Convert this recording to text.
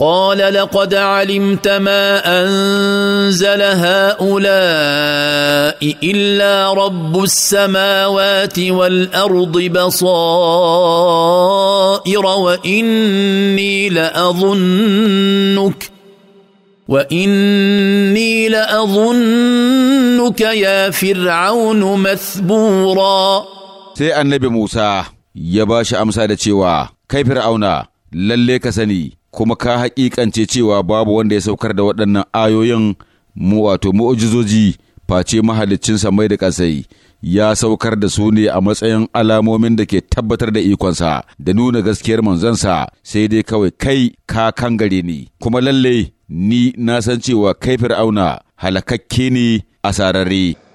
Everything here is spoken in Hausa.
قال لقد علمت ما انزل هؤلاء الا رب السماوات والارض بصائر واني لاظنك واني لاظنك يا فرعون مثبورا سي النبي موسى يا باشا امسى da cewa kai fir'auna lalle kuma ka haƙiƙance cewa babu wanda ya saukar da waɗannan ayoyin mu wato mu'ujizoji face mahaliccinsa mai da ƙasai ya saukar da su ne a matsayin alamomin da ke tabbatar da ikonsa da nuna gaskiyar manzansa sai dai kawai kai ka gare ni kuma lalle ni na san cewa kai fir'auna halakakke ne a sararre